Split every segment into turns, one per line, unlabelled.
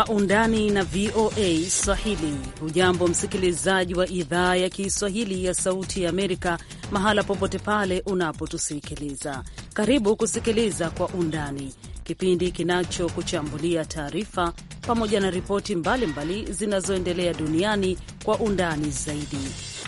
Kwa Undani na VOA Swahili. Hujambo msikilizaji wa idhaa ya Kiswahili ya Sauti ya Amerika, mahala popote pale unapotusikiliza, karibu kusikiliza Kwa Undani, kipindi kinachokuchambulia taarifa pamoja na ripoti mbalimbali zinazoendelea duniani kwa undani zaidi.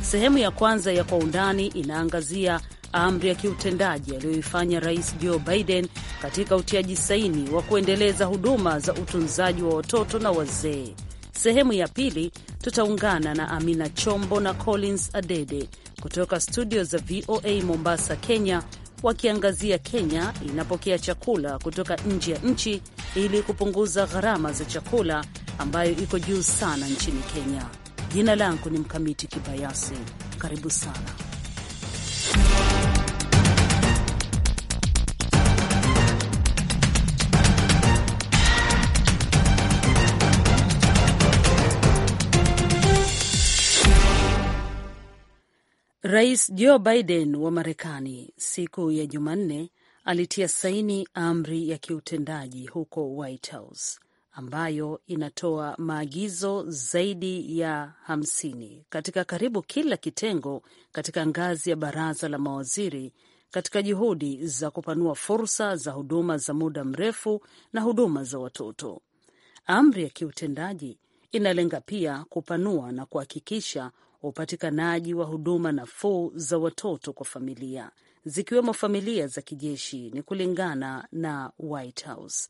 Sehemu ya kwanza ya Kwa Undani inaangazia amri ya kiutendaji aliyoifanya Rais Joe Biden katika utiaji saini wa kuendeleza huduma za utunzaji wa watoto na wazee. Sehemu ya pili tutaungana na Amina Chombo na Collins Adede kutoka studio za VOA Mombasa, Kenya, wakiangazia Kenya inapokea chakula kutoka nje ya nchi ili kupunguza gharama za chakula ambayo iko juu sana nchini Kenya. Jina langu ni Mkamiti Kibayasi. Karibu sana. Rais Joe Biden wa Marekani siku ya Jumanne alitia saini amri ya kiutendaji huko White House ambayo inatoa maagizo zaidi ya hamsini katika karibu kila kitengo katika ngazi ya baraza la mawaziri katika juhudi za kupanua fursa za huduma za muda mrefu na huduma za watoto. Amri ya kiutendaji inalenga pia kupanua na kuhakikisha wa upatikanaji wa huduma nafuu za watoto kwa familia zikiwemo familia za kijeshi, ni kulingana na White House.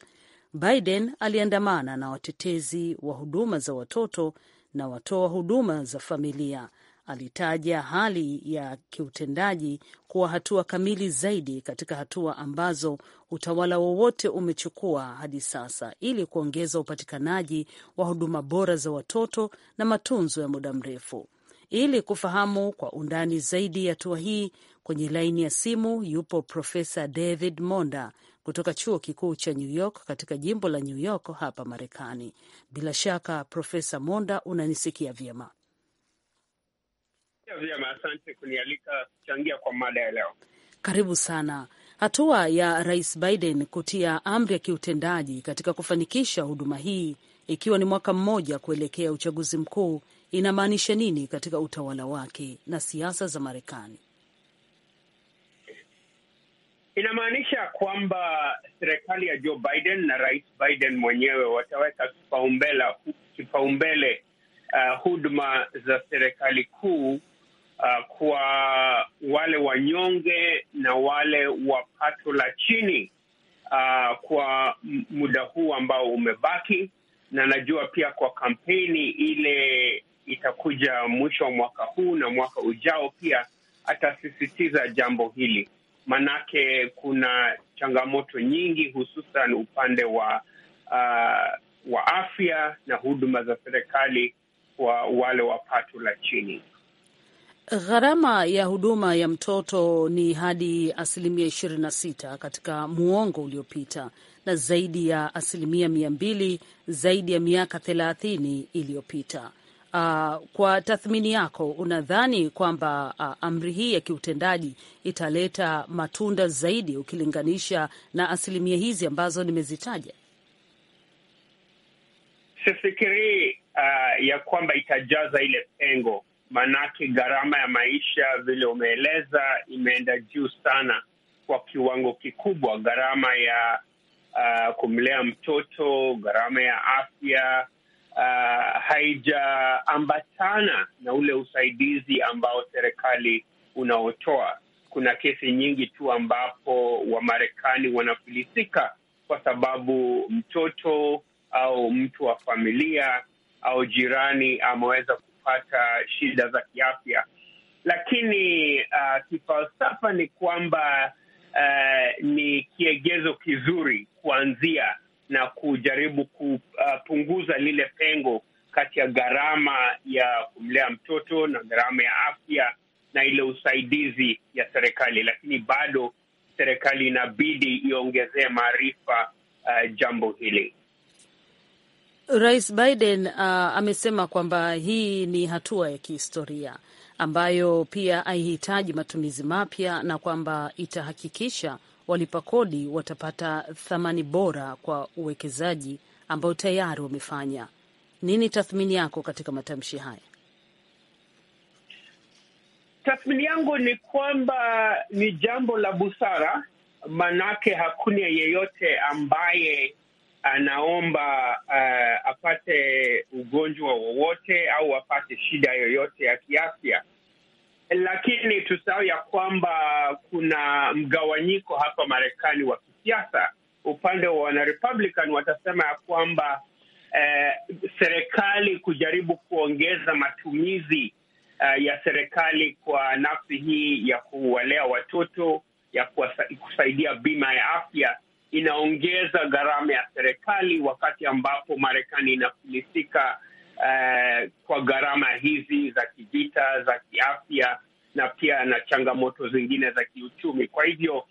Biden aliandamana na watetezi wa huduma za watoto na watoa huduma za familia. Alitaja hali ya kiutendaji kuwa hatua kamili zaidi katika hatua ambazo utawala wowote umechukua hadi sasa ili kuongeza upatikanaji wa huduma bora za watoto na matunzo ya muda mrefu. Ili kufahamu kwa undani zaidi hatua hii, kwenye laini ya simu yupo Profesa David Monda kutoka chuo kikuu cha New York katika jimbo la New York hapa Marekani. Bila shaka, Profesa Monda, unanisikia vyema?
Vyema, asante kunialika kuchangia kwa mada ya leo.
Karibu sana. Hatua ya Rais Biden kutia amri ya kiutendaji katika kufanikisha huduma hii, ikiwa ni mwaka mmoja kuelekea uchaguzi mkuu, inamaanisha nini katika utawala wake na siasa za Marekani?
Inamaanisha kwamba serikali ya Joe Biden na Rais Biden mwenyewe wataweka kipaumbele kipaumbele uh, huduma za serikali kuu uh, kwa wale wanyonge na wale wa pato la chini uh, kwa muda huu ambao umebaki, na najua pia kwa kampeni ile itakuja mwisho wa mwaka huu na mwaka ujao pia, atasisitiza jambo hili, manake kuna changamoto nyingi, hususan upande wa uh, wa afya na huduma za serikali kwa wale wa pato la chini.
Gharama ya huduma ya mtoto ni hadi asilimia ishirini na sita katika muongo uliopita na zaidi ya asilimia mia mbili zaidi ya miaka thelathini iliyopita. Uh, kwa tathmini yako unadhani kwamba uh, amri hii ya kiutendaji italeta matunda zaidi ukilinganisha na asilimia hizi ambazo nimezitaja?
Sifikirii uh, ya kwamba itajaza ile pengo, maanake gharama ya maisha vile umeeleza imeenda juu sana kwa kiwango kikubwa, gharama ya uh, kumlea mtoto, gharama ya afya uh, haijaambatana na ule usaidizi ambao serikali unaotoa. Kuna kesi nyingi tu ambapo Wamarekani wanafilisika kwa sababu mtoto au mtu wa familia au jirani ameweza kupata shida za kiafya, lakini uh, kifalsafa ni kwamba uh, ni kiegezo kizuri kuanzia na kujaribu kupunguza lile pengo kati ya gharama ya kumlea mtoto na gharama ya afya na ile usaidizi ya serikali, lakini bado serikali inabidi iongezee maarifa uh, jambo hili.
Rais Biden uh, amesema kwamba hii ni hatua ya kihistoria ambayo pia haihitaji matumizi mapya na kwamba itahakikisha walipa kodi watapata thamani bora kwa uwekezaji ambao tayari wamefanya. Nini tathmini yako katika matamshi haya?
Tathmini yangu ni kwamba ni jambo la busara, manake hakuna yeyote ambaye anaomba uh, apate ugonjwa wowote au apate shida yoyote ya kiafya lakini tusahau ya kwamba kuna mgawanyiko hapa Marekani wa kisiasa. Upande wa wanarepublican watasema ya kwamba eh, serikali kujaribu kuongeza matumizi eh, ya serikali kwa nafsi hii ya kuwalea watoto ya kusaidia bima ya afya inaongeza gharama ya serikali, wakati ambapo Marekani inafilisika Eh, kwa gharama hizi za kivita, za kiafya na pia na changamoto zingine za kiuchumi. Kwa hivyo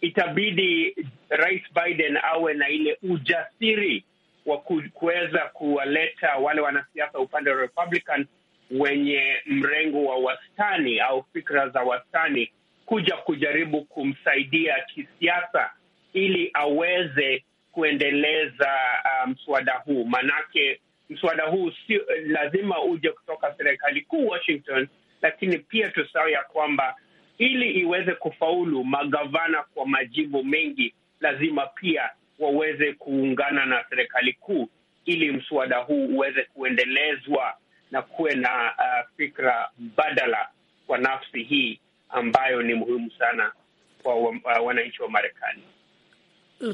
itabidi Rais Biden awe na ile ujasiri wa kuweza kuwaleta wale wanasiasa upande wa Republican wenye mrengo wa wastani au fikra za wastani kuja kujaribu kumsaidia kisiasa ili aweze kuendeleza ah, mswada um, huu manake mswada huu si lazima uje kutoka serikali kuu Washington, lakini pia tusahau ya kwamba ili iweze kufaulu, magavana kwa majimbo mengi lazima pia waweze kuungana na serikali kuu ili mswada huu uweze kuendelezwa na kuwe na uh, fikra mbadala kwa nafsi hii ambayo ni muhimu sana kwa uh, wananchi wa Marekani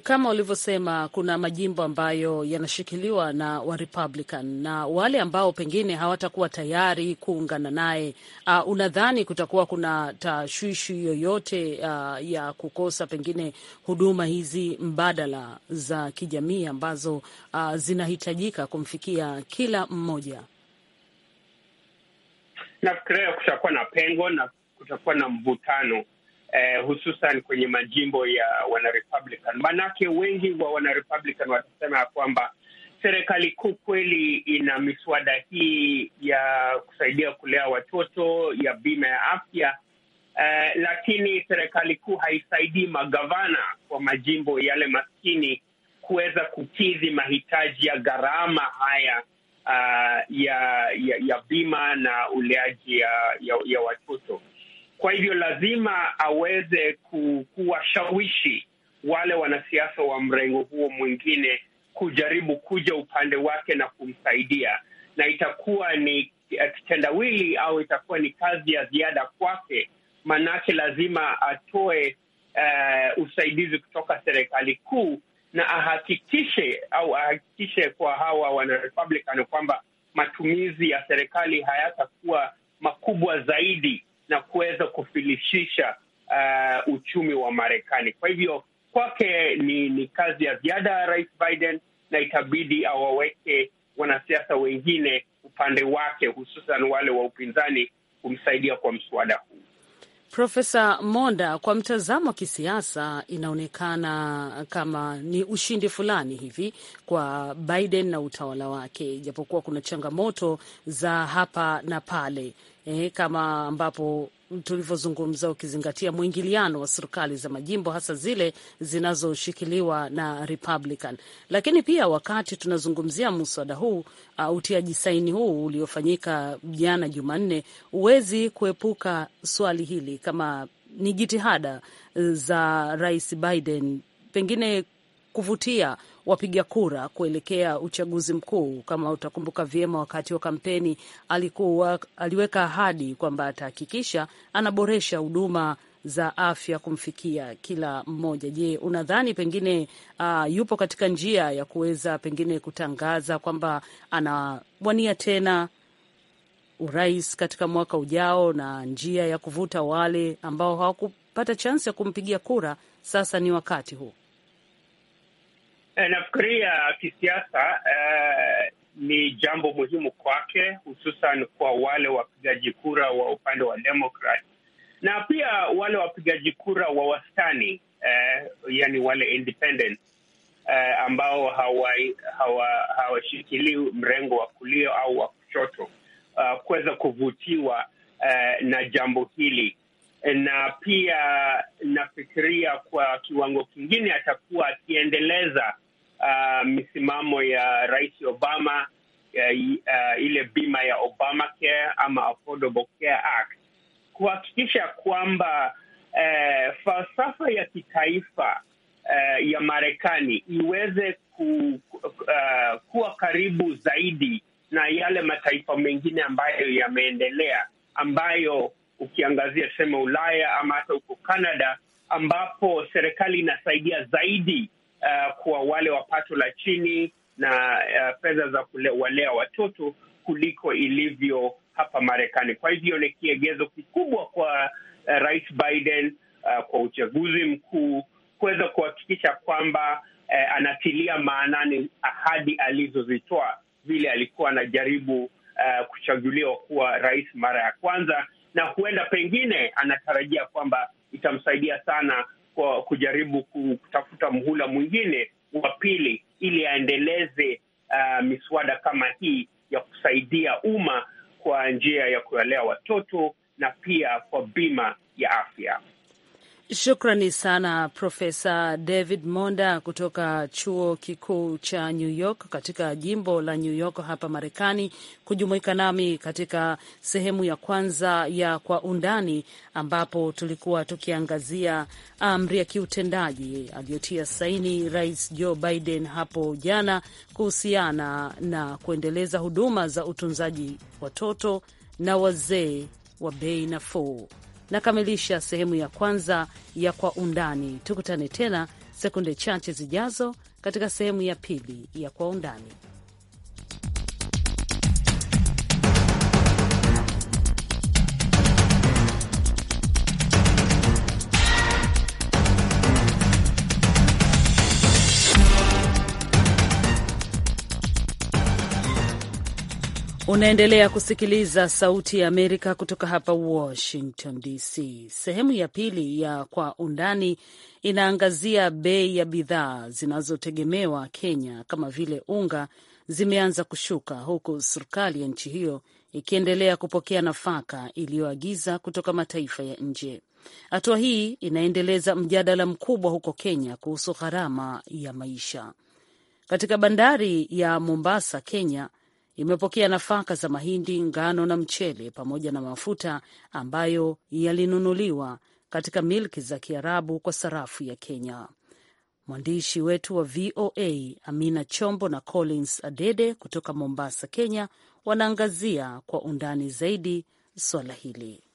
kama ulivyosema, kuna majimbo ambayo yanashikiliwa na wa Republican na wale ambao pengine hawatakuwa tayari kuungana naye. Uh, unadhani kutakuwa kuna tashwishi yoyote uh, ya kukosa pengine huduma hizi mbadala za kijamii ambazo uh, zinahitajika kumfikia kila mmoja?
Nafikiria kutakuwa na pengo na kutakuwa na mvutano eh, hususan kwenye majimbo ya wanarepublican. Manake wengi wa wanarepublican watasema ya kwamba serikali kuu kweli ina miswada hii ya kusaidia kulea watoto, ya bima ya afya eh, lakini serikali kuu haisaidii magavana kwa majimbo yale maskini kuweza kukidhi mahitaji ya gharama haya uh, ya, ya ya bima na uleaji ya, ya, ya watoto. Kwa hivyo lazima aweze ku, kuwashawishi wale wanasiasa wa mrengo huo mwingine kujaribu kuja upande wake na kumsaidia, na itakuwa ni eh, kitendawili au itakuwa ni kazi ya ziada kwake, maanake lazima atoe uh, usaidizi kutoka serikali kuu na ahakikishe au ahakikishe kwa hawa wana Republican kwamba matumizi ya serikali hayatakuwa makubwa zaidi na kuweza kufilishisha uh, uchumi wa Marekani. Kwa hivyo kwake ni, ni kazi ya ziada ya Rais Biden na itabidi awaweke wanasiasa wengine upande wake, hususan wale wa upinzani kumsaidia kwa mswada huu.
Profesa Monda, kwa mtazamo wa kisiasa inaonekana kama ni ushindi fulani hivi kwa Biden na utawala wake, ijapokuwa kuna changamoto za hapa na pale eh, kama ambapo tulivyozungumza ukizingatia mwingiliano wa serikali za majimbo hasa zile zinazoshikiliwa na Republican. Lakini pia wakati tunazungumzia muswada huu uh, utiaji saini huu uliofanyika jana Jumanne, huwezi kuepuka swali hili kama ni jitihada uh, za Rais Biden pengine kuvutia wapiga kura kuelekea uchaguzi mkuu. Kama utakumbuka vyema, wakati wa kampeni alikuwa aliweka ahadi kwamba atahakikisha anaboresha huduma za afya kumfikia kila mmoja. Je, unadhani pengine uh, yupo katika njia ya kuweza pengine kutangaza kwamba anawania tena urais katika mwaka ujao, na njia ya kuvuta wale ambao hawakupata chansi ya kumpigia kura, sasa ni wakati huu?
Eh, nafikiria kisiasa eh, ni jambo muhimu kwake, hususan kwa wale wapigaji kura wa upande wa Demokrat na pia wale wapigaji kura wa wastani eh, yani wale independent eh, ambao hawashikilii hawa, hawa mrengo wa kulia au wa kushoto uh, kuweza kuvutiwa eh, na jambo hili na pia nafikiria kwa kiwango kingine atakuwa akiendeleza uh, misimamo ya Rais Obama ya, uh, uh, ile bima ya Obamacare ama Affordable Care Act kuhakikisha kwamba uh, falsafa ya kitaifa uh, ya Marekani iweze ku, uh, kuwa karibu zaidi na yale mataifa mengine ambayo yameendelea ambayo ukiangazia tuseme Ulaya ama hata huko Canada ambapo serikali inasaidia zaidi uh, kwa wale wa pato la chini na uh, fedha za kuwalea watoto kuliko ilivyo hapa Marekani. Kwa hivyo ni kiegezo kikubwa kwa uh, Rais Biden uh, kwa uchaguzi mkuu kuweza kuhakikisha kwamba uh, anatilia maanani ahadi alizozitoa vile alikuwa anajaribu uh, kuchaguliwa kuwa rais mara ya kwanza, na huenda pengine anatarajia kwamba itamsaidia sana kwa kujaribu kutafuta mhula mwingine wa pili ili aendeleze uh, miswada kama hii ya kusaidia umma kwa njia ya kuwalea watoto na pia kwa bima ya afya.
Shukrani sana Profesa David Monda kutoka chuo kikuu cha New York katika jimbo la New York hapa Marekani, kujumuika nami katika sehemu ya kwanza ya Kwa Undani, ambapo tulikuwa tukiangazia amri ah, ya kiutendaji aliyotia saini Rais Joe Biden hapo jana kuhusiana na kuendeleza huduma za utunzaji watoto na wazee wa bei nafuu nakamilisha sehemu ya kwanza ya Kwa Undani. Tukutane tena sekunde chache zijazo katika sehemu ya pili ya Kwa Undani. Unaendelea kusikiliza Sauti ya Amerika kutoka hapa Washington DC. Sehemu ya pili ya Kwa Undani inaangazia bei ya bidhaa zinazotegemewa Kenya kama vile unga zimeanza kushuka huku serikali ya nchi hiyo ikiendelea kupokea nafaka iliyoagiza kutoka mataifa ya nje. Hatua hii inaendeleza mjadala mkubwa huko Kenya kuhusu gharama ya maisha. Katika bandari ya Mombasa, Kenya, imepokea nafaka za mahindi, ngano na mchele pamoja na mafuta ambayo yalinunuliwa katika milki za Kiarabu kwa sarafu ya Kenya. Mwandishi wetu wa VOA Amina Chombo na Collins Adede kutoka Mombasa, Kenya, wanaangazia kwa undani zaidi swala hili.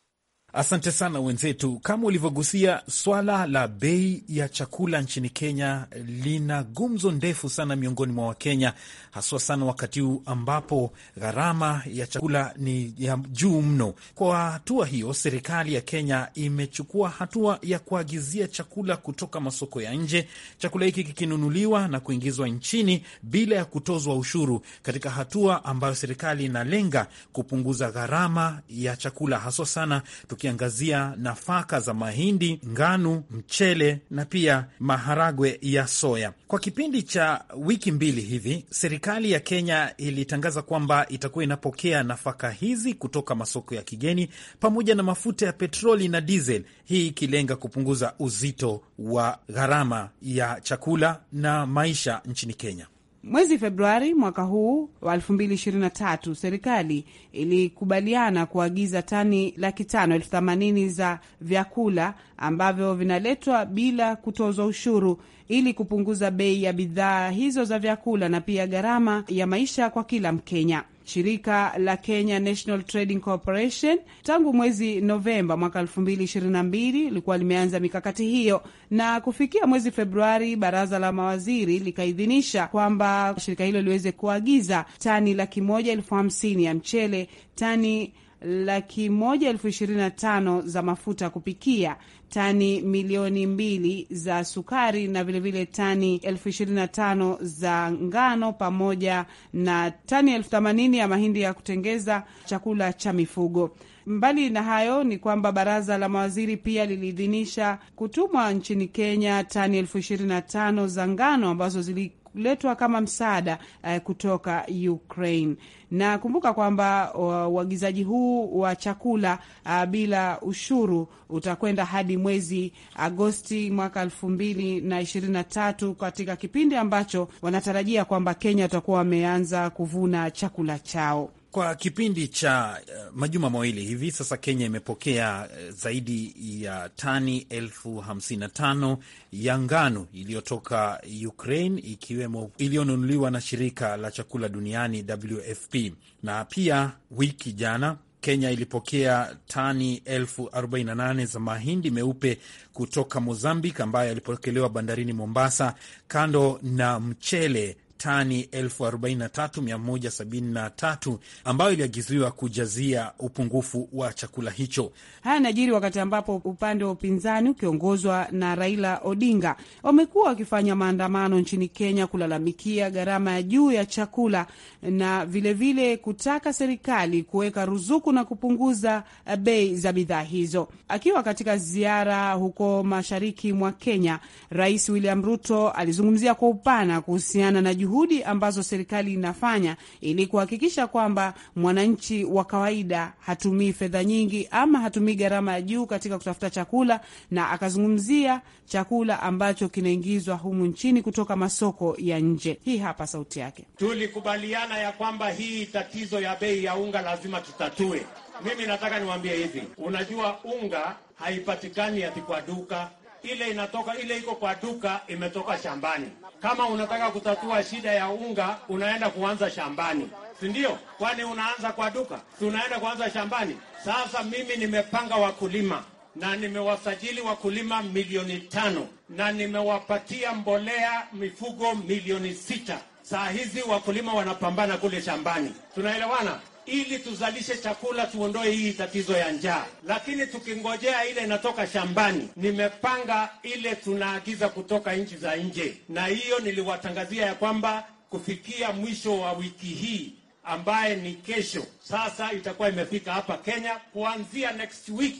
Asante sana wenzetu. Kama ulivyogusia, swala la bei ya chakula nchini Kenya lina gumzo ndefu sana miongoni mwa Wakenya, haswa sana wakati huu ambapo gharama ya chakula ni ya juu mno. Kwa hatua hiyo, serikali ya Kenya imechukua hatua ya kuagizia chakula kutoka masoko ya nje, chakula hiki kikinunuliwa na kuingizwa nchini bila ya kutozwa ushuru, katika hatua ambayo serikali inalenga kupunguza gharama ya chakula haswa sana tukiangazia nafaka za mahindi, ngano, mchele na pia maharagwe ya soya. Kwa kipindi cha wiki mbili hivi, serikali ya Kenya ilitangaza kwamba itakuwa inapokea nafaka hizi kutoka masoko ya kigeni pamoja na mafuta ya petroli na dizeli, hii ikilenga kupunguza uzito wa gharama ya chakula na maisha nchini Kenya.
Mwezi Februari mwaka huu wa 2023 serikali ilikubaliana kuagiza tani laki tano elfu themanini za vyakula ambavyo vinaletwa bila kutozwa ushuru ili kupunguza bei ya bidhaa hizo za vyakula na pia gharama ya maisha kwa kila Mkenya. Shirika la Kenya National Trading Corporation tangu mwezi Novemba mwaka 2022 lilikuwa limeanza mikakati hiyo, na kufikia mwezi Februari baraza la mawaziri likaidhinisha kwamba shirika hilo liweze kuagiza tani laki moja elfu hamsini ya mchele, tani laki moja elfu ishirini na tano za mafuta kupikia, tani milioni mbili za sukari na vilevile tani elfu ishirini na tano za ngano pamoja na tani elfu themanini ya mahindi ya kutengeza chakula cha mifugo. Mbali na hayo ni kwamba baraza la mawaziri pia liliidhinisha kutumwa nchini Kenya tani elfu ishirini na tano za ngano ambazo zili kuletwa kama msaada uh, kutoka Ukraine. Na kumbuka kwamba uagizaji huu wa chakula uh, bila ushuru utakwenda hadi mwezi Agosti mwaka elfu mbili na ishirini na tatu katika kipindi ambacho wanatarajia kwamba Kenya watakuwa wameanza kuvuna chakula chao.
Kwa kipindi cha eh, majuma mawili hivi sasa, Kenya imepokea eh, zaidi ya tani elfu hamsini na tano ya ngano iliyotoka Ukraine, ikiwemo iliyonunuliwa na shirika la chakula duniani WFP. Na pia wiki jana Kenya ilipokea tani elfu 48 za mahindi meupe kutoka Mozambique, ambayo yalipokelewa bandarini Mombasa, kando na mchele tani 43173 ambayo iliagiziwa kujazia upungufu wa chakula hicho.
Haya najiri wakati ambapo upande wa upinzani ukiongozwa na Raila Odinga wamekuwa wakifanya maandamano nchini Kenya kulalamikia gharama ya juu ya chakula na vilevile vile kutaka serikali kuweka ruzuku na kupunguza bei za bidhaa hizo. Akiwa katika ziara huko mashariki mwa Kenya, Rais William Ruto alizungumzia kwa upana kuhusiana na juhu juhudi ambazo serikali inafanya ili kuhakikisha kwamba mwananchi wa kawaida hatumii fedha nyingi ama hatumii gharama ya juu katika kutafuta chakula, na akazungumzia chakula ambacho kinaingizwa humu nchini kutoka masoko ya nje. Hii hapa sauti yake.
Tulikubaliana ya kwamba hii tatizo ya bei ya unga lazima tutatue. Mimi nataka niwaambie hivi, unajua unga haipatikani ati kwa duka ile inatoka ile iko kwa duka imetoka shambani. Kama unataka kutatua shida ya unga, unaenda kuanza shambani, si ndio? Kwani unaanza kwa duka, tunaenda kuanza shambani. Sasa mimi nimepanga wakulima na nimewasajili wakulima milioni tano na nimewapatia mbolea mifugo milioni sita. Saa hizi wakulima wanapambana kule shambani, tunaelewana? ili tuzalishe chakula, tuondoe hii tatizo ya njaa. Lakini tukingojea ile inatoka shambani, nimepanga ile tunaagiza kutoka nchi za nje, na hiyo niliwatangazia ya kwamba kufikia mwisho wa wiki hii ambaye ni kesho, sasa itakuwa imefika hapa Kenya. Kuanzia next week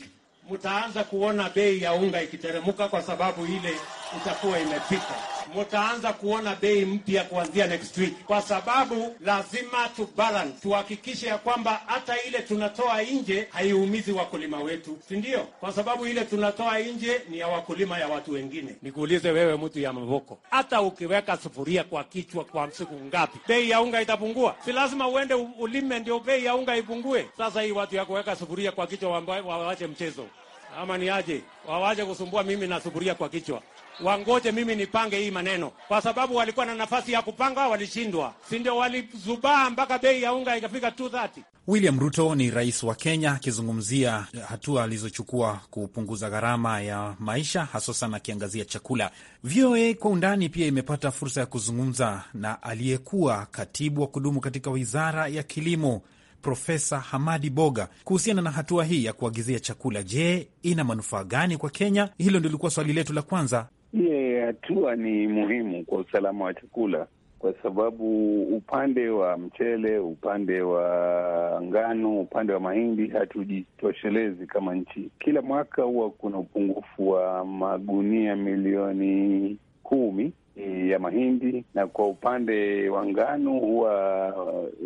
mtaanza kuona bei ya unga ikiteremuka, kwa sababu ile itakuwa imefika mtaanza kuona bei mpya kuanzia next week, kwa sababu lazima tu balance, tuhakikishe ya kwamba hata ile tunatoa nje haiumizi wakulima wetu, si ndio? Kwa sababu ile tunatoa nje ni ya wakulima ya watu wengine. Nikuulize wewe, mtu ya mvoko, hata ukiweka sufuria kwa kichwa kwa siku ngapi, bei ya unga itapungua? Si lazima uende ulime ndio bei ya unga ipungue? Sasa hii watu ya kuweka sufuria kwa kichwa wawache mchezo, ama ni aje? Wawache kusumbua mimi na sufuria kwa kichwa wangoje mimi nipange hii maneno, kwa sababu walikuwa na nafasi ya kupanga, walishindwa, si ndio? Walizubaa mpaka bei ya unga ikafika 230.
William Ruto ni rais wa Kenya, akizungumzia hatua alizochukua kupunguza gharama ya maisha, hasa sana akiangazia chakula. VOA kwa undani pia imepata fursa ya kuzungumza na aliyekuwa katibu wa kudumu katika wizara ya kilimo Profesa Hamadi Boga kuhusiana na hatua hii ya kuagizia chakula. Je, ina manufaa gani kwa Kenya? Hilo ndilikuwa swali letu la kwanza
hatua ni muhimu kwa usalama wa chakula, kwa sababu upande wa mchele, upande wa ngano, upande wa mahindi hatujitoshelezi kama nchi. Kila mwaka huwa kuna upungufu wa magunia milioni kumi eh, ya mahindi na kwa upande wa ngano huwa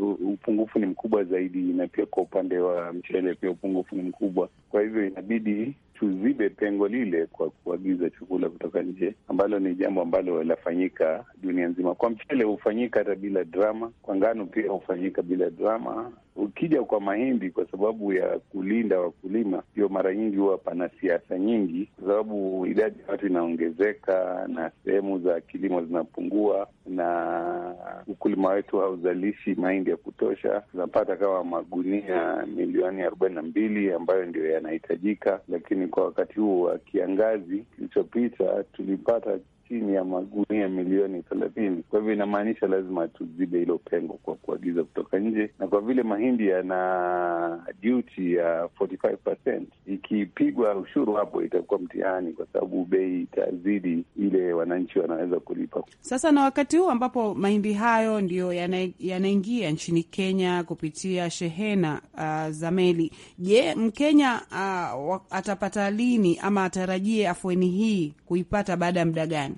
uh, upungufu ni mkubwa zaidi, na pia kwa upande wa mchele pia upungufu ni mkubwa. Kwa hivyo inabidi tuzibe pengo lile kwa kuagiza chakula kutoka nje, ambalo ni jambo ambalo lafanyika dunia nzima. Kwa mchele hufanyika hata bila drama, kwa ngano pia hufanyika bila drama, Ukija kwa mahindi, kwa sababu ya kulinda wakulima, ndio mara nyingi huwa pana siasa nyingi, kwa sababu idadi ya watu inaongezeka na sehemu za kilimo zinapungua, na ukulima wetu hauzalishi mahindi ya kutosha. Tunapata kama magunia milioni arobaini na mbili ambayo ndio yanahitajika, lakini kwa wakati huu wa kiangazi kilichopita tulipata chini ya magunia milioni thelathini. Kwa hivyo inamaanisha lazima tuzibe hilo pengo kwa kuagiza kutoka nje, na kwa vile mahindi yana duty ya 45%, ikipigwa ushuru hapo itakuwa mtihani, kwa sababu bei itazidi ile wananchi wanaweza kulipa.
Sasa na wakati huu ambapo mahindi hayo ndiyo yanaingia yana nchini Kenya kupitia shehena uh, za meli, je, Mkenya uh, atapata lini ama atarajie afueni hii kuipata baada ya muda gani?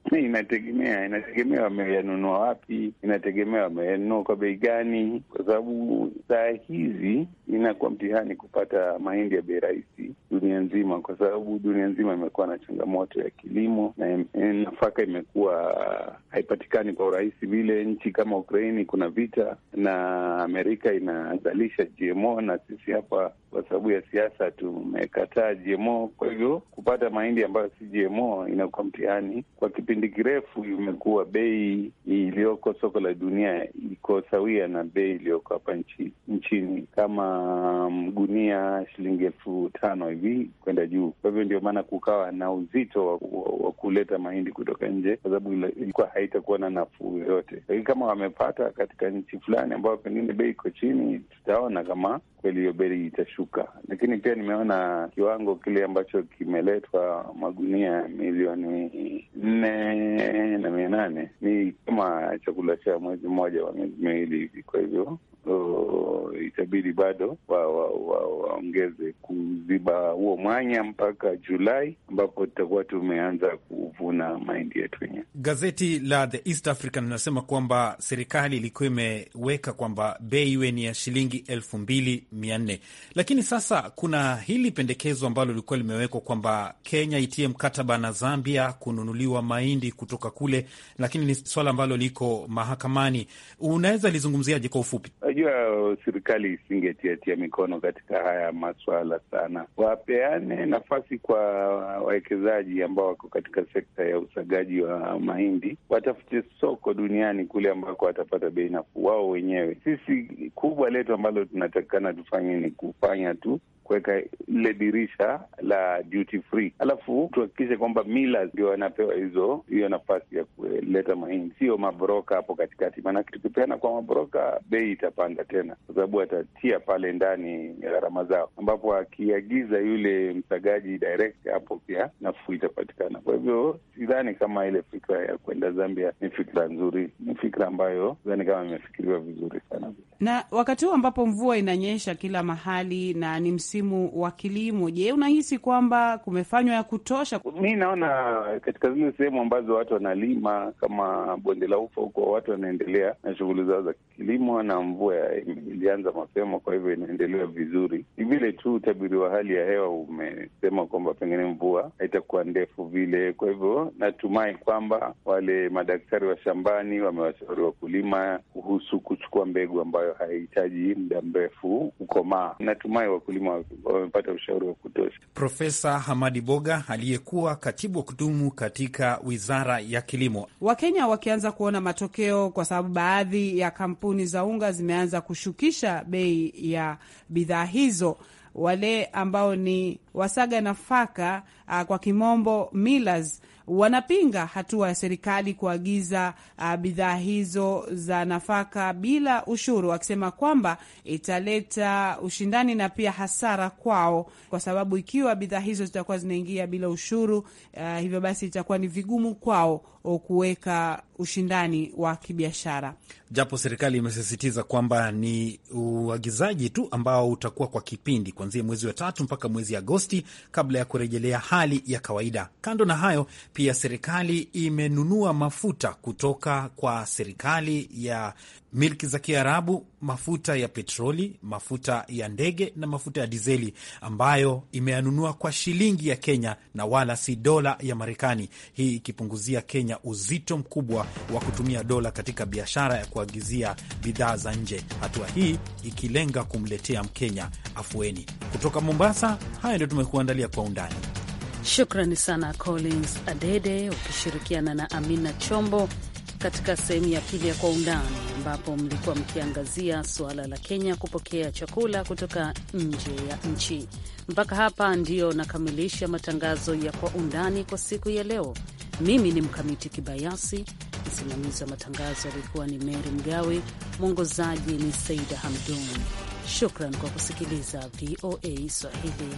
Inategemea, inategemea wameyanunua wapi, inategemea wameyanunua kwa bei gani, kwa sababu saa hizi inakuwa mtihani kupata mahindi ya bei rahisi dunia nzima, kwa sababu dunia nzima imekuwa na changamoto ya kilimo na eh, nafaka imekuwa haipatikani kwa urahisi vile. Nchi kama Ukraini kuna vita na Amerika inazalisha GMO, na sisi hapa kwa sababu ya siasa tumekataa GMO. Kwa hivyo kupata mahindi ambayo si GMO inakuwa mtihani kwa kipindi kipindi kirefu imekuwa bei iliyoko soko la dunia iko sawia na bei iliyoko hapa nchi, nchini kama mm, gunia shilingi elfu tano hivi kwenda juu. Kwa hivyo ndio maana kukawa na uzito wa, wa, wa kuleta mahindi kutoka nje, kwa sababu ilikuwa haitakuwa na nafuu yoyote. Lakini kama wamepata katika nchi fulani ambayo pengine bei iko chini, tutaona kama kweli hiyo bei itashuka. Lakini pia nimeona kiwango kile ambacho kimeletwa magunia milioni nne na mia nane ni kama chakula cha mwezi mmoja wa miezi miwili hivi. Kwa hivyo so, itabidi bado waongeze wa, wa, wa kuziba huo mwanya mpaka Julai ambapo tutakuwa tumeanza kuvuna
mahindi yetu wenyewe. Gazeti la The East African linasema kwamba serikali ilikuwa imeweka kwamba bei iwe ni ya shilingi elfu mbili mia nne lakini sasa kuna hili pendekezo ambalo lilikuwa limewekwa kwamba Kenya itie mkataba na Zambia kununuliwa mahindi ushindi kutoka kule, lakini ni swala ambalo liko mahakamani. Unaweza lizungumziaje kwa ufupi?
Najua serikali isingetiatia mikono katika haya maswala sana, wapeane nafasi kwa wawekezaji ambao wako katika sekta ya usagaji wa mahindi, watafute soko duniani kule ambako watapata bei nafuu wao wenyewe. Sisi kubwa letu ambalo tunatakikana tufanye ni kufanya tu kuweka lile dirisha la duty free, alafu tuhakikishe kwamba mila ndio wanapewa hizo hiyo nafasi ya kuleta mahindi, sio mabroka hapo katikati, maanake tukipeana kwa mabroka bei itapanda tena, kwa sababu atatia pale ndani gharama zao, ambapo akiagiza yule msagaji direct, hapo pia nafuu itapatikana. Kwa hivyo sidhani kama ile fikra ya kwenda Zambia ni fikra nzuri, ni fikra ambayo sidhani kama imefikiriwa vizuri sana,
na wakati huu ambapo mvua inanyesha kila mahali na ni msimu msimu wa kilimo. Je, unahisi kwamba kumefanywa ya kutosha? Mi naona katika
zile sehemu ambazo watu wanalima kama bonde la ufa huko, watu wanaendelea na shughuli zao za kilimo na mvua ilianza mapema, kwa hivyo inaendelea vizuri. Ni vile tu utabiri wa hali ya hewa umesema kwamba pengine mvua haitakuwa ndefu vile, kwa hivyo natumai kwamba wale madaktari wa shambani wamewashauri wakulima kuhusu kuchukua mbegu ambayo haihitaji muda mrefu kukomaa. Natumai wakulima wamepata ushauri wa kutosha.
Profesa Hamadi Boga aliyekuwa katibu wa kudumu katika wizara ya kilimo.
Wakenya wakianza kuona matokeo, kwa sababu baadhi ya kampuni kampuni za unga zimeanza kushukisha bei ya bidhaa hizo. Wale ambao ni wasaga nafaka ah, kwa kimombo millers wanapinga hatua ya serikali kuagiza ah, bidhaa hizo za nafaka bila ushuru, wakisema kwamba italeta ushindani na pia hasara kwao, kwa sababu ikiwa bidhaa hizo zitakuwa zinaingia bila ushuru, ah, hivyo basi itakuwa ni vigumu kwao kuweka ushindani wa kibiashara,
japo serikali imesisitiza kwamba ni uagizaji tu ambao utakuwa kwa kipindi kuanzia mwezi wa tatu mpaka mwezi Agosti kabla ya kurejelea hali ya kawaida. Kando na hayo, pia serikali imenunua mafuta kutoka kwa serikali ya milki za Kiarabu, mafuta ya petroli, mafuta ya ndege na mafuta ya dizeli ambayo imeyanunua kwa shilingi ya Kenya na wala si dola ya Marekani, hii ikipunguzia Kenya uzito mkubwa wa kutumia dola katika biashara ya kuagizia bidhaa za nje, hatua hii ikilenga kumletea Mkenya afueni. Kutoka Mombasa, haya ndio tumekuandalia kwa undani.
Shukrani sana Collins Adede ukishirikiana na Amina Chombo katika sehemu ya pili ya Kwa Undani, ambapo mlikuwa mkiangazia suala la Kenya kupokea chakula kutoka nje ya nchi. Mpaka hapa ndiyo nakamilisha matangazo ya Kwa Undani kwa siku ya leo. Mimi ni Mkamiti Kibayasi, msimamizi wa matangazo alikuwa ni Meri Mgawe, mwongozaji ni Saida Hamdun. Shukran kwa kusikiliza VOA Swahili.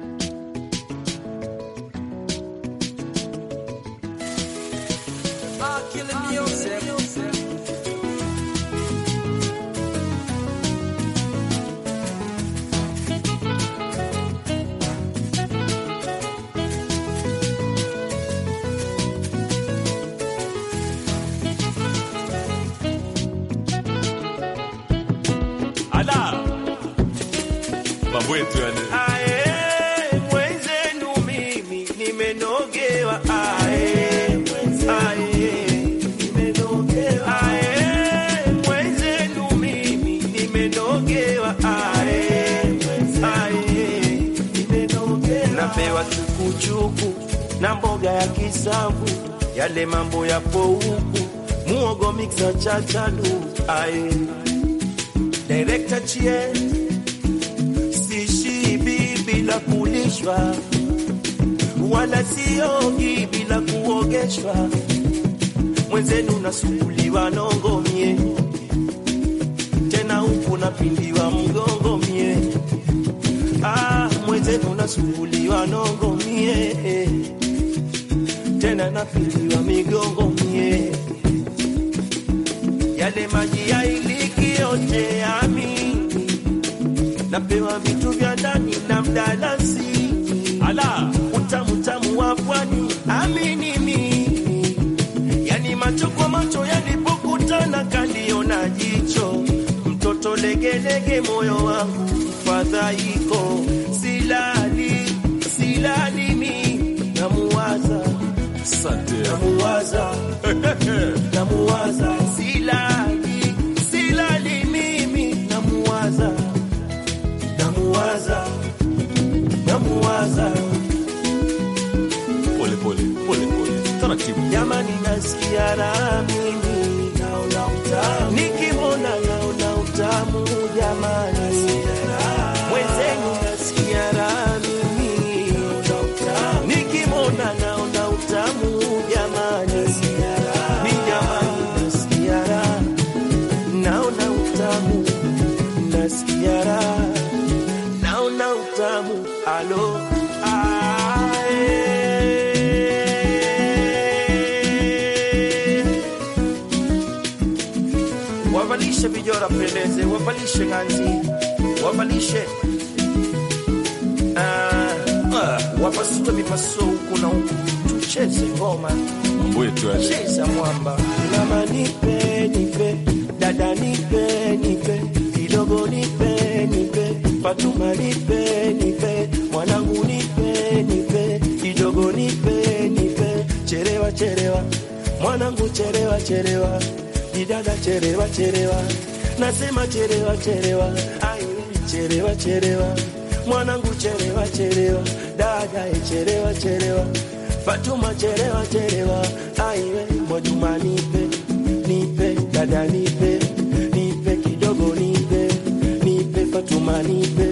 chukuchuku na mboga ya kisambu, yale mambo ya pouku muogo mixa chachadu. ai direkta chie sishibi bila kulishwa, wala siogi bila kuogeshwa. Mwenzenu nasukuliwa nongo mie, tena huku napindiwa mgongo mie. Ah, mwenzenu nasukuliwa nongo mie mie tena napiliwa migongo mie yale maji ya iliki yote yami napewa vitu vya ndani na mdalasi ala utamutamu wa pwani amini mimi yani macho kwa macho yalipokutana kaliona jicho mtoto legelege moyo wangu fadhaiko namuwaza, silali, silali mimi namuwaza, namuwaza, namuwaza pole pole pole pole taratibu, jamani nasikia nami wapendeze, wavalishe nganzi, wavalishe uh, ah, uh, ah, wapasue mipasuo huku na huku, tucheze ngoma cheza mwamba. Mama nipe nipe, dada nipe nipe, kidogo nipe nipe, Fatuma nipe nipe, mwanangu nipe nipe, kidogo nipe nipe, cherewa cherewa, mwanangu cherewa cherewa, didada cherewa cherewa nasema cherewa cherewa, ai cherewa cherewa, mwanangu cherewa cherewa, dada cherewa cherewa, Fatuma cherewa cherewa, ai Mwajuma nipe nipe, dada nipe nipe kidogo, nipe nipe Fatuma nipe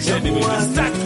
Jamie, we can start.